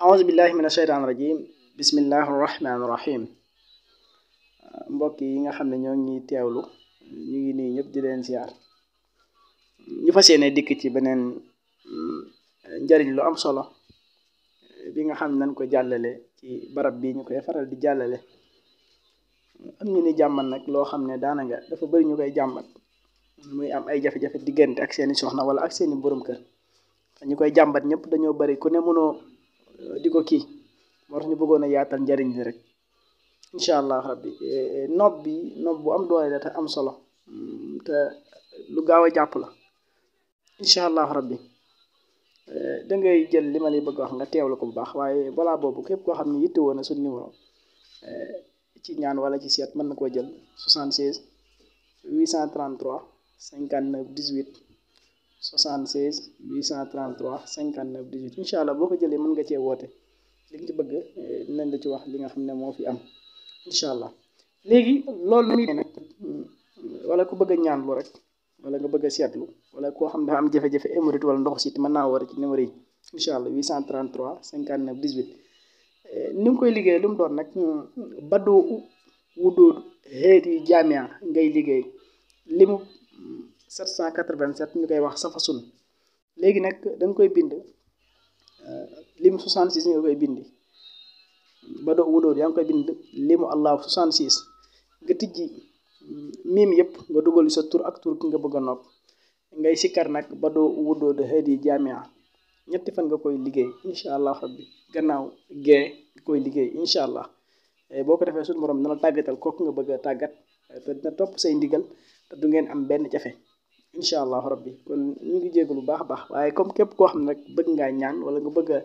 aousubillahi mina an rajim bismillahi rahman rahim mbokk yi nga xamne ñoo ngi tewlu ñu ngi ni ñep di leen ziar ñu fasiyene dik ci benen mm, njariñ lu am solo bi nga xamne nañ ko jallale ci barab bi ñu koy faral di jallale am ñu ni jamm nak lo xamne daana nga dafa bari ñu koy jàmbat muy am ay jafé jafé diggante ak seeni soxna wala ak seeni borom kër ñu koy jàmbat ñëpp dañoo ku ne mëno di ko kii moo tax ñu bëggoon a yaatal njariñ li rek incha allah rabbi e, e, nopp bi nopp bu am doole la te am solo mm, lu gaaw a jàpp la incha allah rabbi e, da ngay jël li ma lay bëgg wax nga teewlu ko bu baax waaye balaa boobu képp koo xam ne yitte woon na suñ numéro ci ñaan wala ci seet mën na koo jël 76 833 59 18 76 833 59 18 incha allah boo ko jëlee mën nga cee woote li nga ci bëgg eh, dinañ la ci wax li nga xam ne moo fi am incha allah léegi loolu muy nag hmm, wala ku bëgg ñaan ñaanlu rek wala nga bëgg seetlu wala koo xam dafa am jafe-jafe émorite wala ndoxu sit mën naa war ci numéro yi incha allah 833 59 18 ni nga koy liggéey lu mu doon nag hmm, badoo wudóor xeet yu jaamia ngay liggéey limu hmm, 787 ñu koy wax safasun léegi nag dañ koy bind euh, limu 66 nga koy bind ba doo wudoor yaa ngi koy bind limu allah 66 nga tijji mm, miim yëpp nga dugal sa tur ak tur ki nga bëgg a nopp ngay sikkar nag ba doo wudoor de xeet yi jaamia ñetti fan nga koy liggéey incha allah rabbi gannaaw gee nga koy liggéey incha allah eh, boo ko defee suñu borom dana tàggatal kooku nga bëgg a tàggat eh, te dina topp say ndigal te du ngeen am benn jafe incha allah rabbi kon ñu ngi jégalu baax baax waaye comme képp ko xam ne rek bëgg ngaa ñaan wala nga bëgg a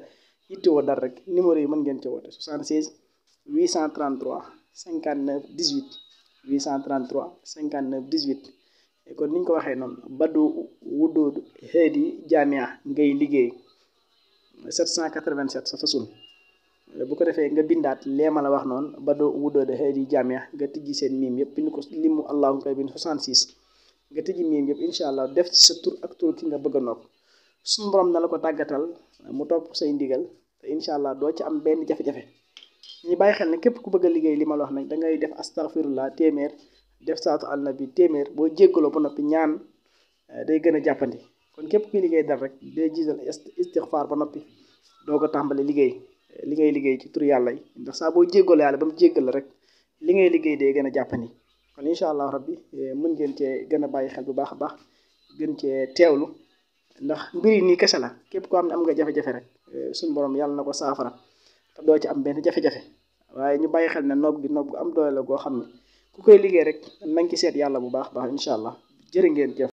yittewoo dara rek numéro yi mën ngeen ci woote 76 833 59 18 833 59 18 kon niñ ko waxee noonu Badu Wudood Hedi Jamia ngay liggéey 787 sa fasul bu ko defee nga bindaat lee ma la wax noonu Badu Wudood Hedi Jamia nga tijji seen miim yëpp bind ko mu allahu nga koy bind 66 nga tëji miim yëpp incha allah def ci sa tur ak tur ki nga bëgg a nopp su borom na la ko tàggatal mu topp say ndigal te incha allah doo ci am benn jafe-jafe ñu bàyyi xel ne képp ku bëgg a liggéey li ma la wax nag da ngay def astaghfirullah téeméer def saatu àll bi téeméer boo jéggaloo ba noppi ñaan eh, day gën a jàppandi kon képp kuy liggéey dal rek day jiital istixfaar ba noppi doo ko tàmbale liggéey li ngay liggéey ci tur yàlla yi ndax saa boo jéggaloo yàlla ba mu la rek li ngay liggéey day gën a jàppandi kon incha allah rabbi eh, mën ngeen cee gën a bàyyi xel bu baax a baax gën cee teewlu ndax mbir yi nii kese la képp ko am ne am nga jafe-jafe rek eh, suñu borom yàlla na ko saafara te doo ci am benn jafe-jafe waaye ñu bàyyi xel ne noob gi noob gu am doole la goo xam ne ku koy liggéey rek nañ ci seet yàlla bu baax baax incha allah jëri ngeen jëf